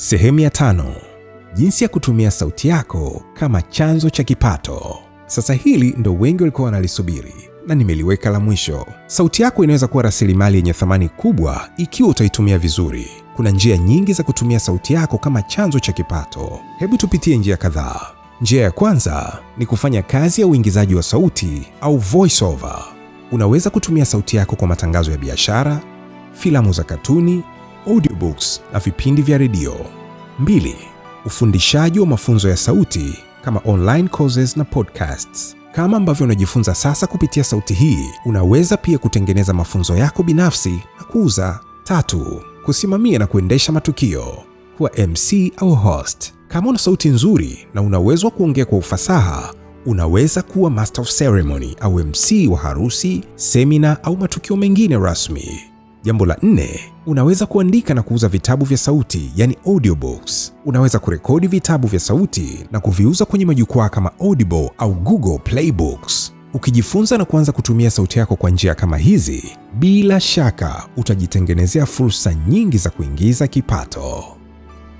Sehemu ya tano: jinsi ya kutumia sauti yako kama chanzo cha kipato. Sasa hili ndo wengi walikuwa wanalisubiri na nimeliweka la mwisho. Sauti yako inaweza kuwa rasilimali yenye thamani kubwa ikiwa utaitumia vizuri. Kuna njia nyingi za kutumia sauti yako kama chanzo cha kipato. Hebu tupitie njia kadhaa. Njia ya kwanza ni kufanya kazi ya uingizaji wa sauti au voice over. Unaweza kutumia sauti yako kwa matangazo ya biashara, filamu za katuni audiobooks na vipindi vya redio. 2. Ufundishaji wa mafunzo ya sauti kama online courses na podcasts. Kama ambavyo unajifunza sasa kupitia sauti hii, unaweza pia kutengeneza mafunzo yako binafsi na kuuza. Tatu, kusimamia na kuendesha matukio, kuwa MC au host. Kama una sauti nzuri na una kuongea kwa ufasaha, unaweza kuwa master of ceremony au MC wa harusi, semina au matukio mengine rasmi. Jambo la nne, unaweza kuandika na kuuza vitabu vya sauti, yani audiobooks. Unaweza kurekodi vitabu vya sauti na kuviuza kwenye majukwaa kama Audible au Google Play Books. Ukijifunza na kuanza kutumia sauti yako kwa njia kama hizi, bila shaka utajitengenezea fursa nyingi za kuingiza kipato.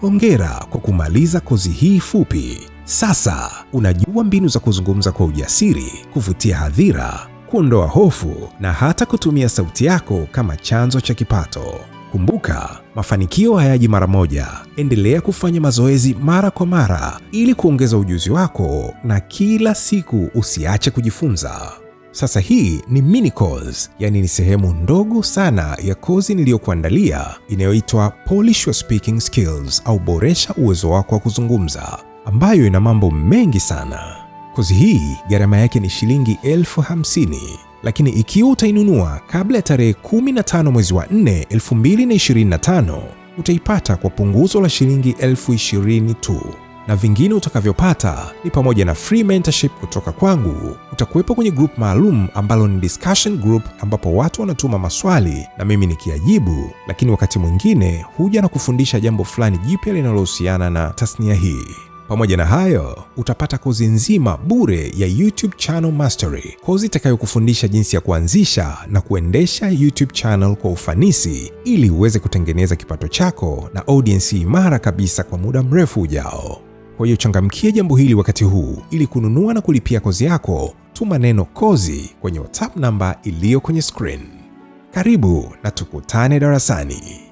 Hongera kwa kumaliza kozi hii fupi. Sasa unajua mbinu za kuzungumza kwa ujasiri, kuvutia hadhira kuondoa hofu na hata kutumia sauti yako kama chanzo cha kipato. Kumbuka, mafanikio hayaji mara moja. Endelea kufanya mazoezi mara kwa mara ili kuongeza ujuzi wako, na kila siku usiache kujifunza. Sasa hii ni mini course, yani ni sehemu ndogo sana ya kozi niliyokuandalia inayoitwa Polish Your Speaking Skills au boresha uwezo wako wa kuzungumza, ambayo ina mambo mengi sana kozi hii gharama yake ni shilingi elfu hamsini lakini ikiwa utainunua kabla ya tarehe 15 mwezi wa 4 2025, utaipata kwa punguzo la shilingi elfu ishirini tu na vingine utakavyopata ni pamoja na free mentorship kutoka kwangu. Utakuwepo kwenye group maalum ambalo ni discussion group, ambapo watu wanatuma maswali na mimi nikiajibu lakini wakati mwingine huja na kufundisha jambo fulani jipya linalohusiana na tasnia hii. Pamoja na hayo, utapata kozi nzima bure ya YouTube Channel Mastery, kozi itakayokufundisha jinsi ya kuanzisha na kuendesha YouTube channel kwa ufanisi ili uweze kutengeneza kipato chako na audience imara kabisa kwa muda mrefu ujao. Kwa hiyo changamkie jambo hili wakati huu. Ili kununua na kulipia kozi yako, tuma neno kozi kwenye WhatsApp namba iliyo kwenye screen. Karibu na tukutane darasani.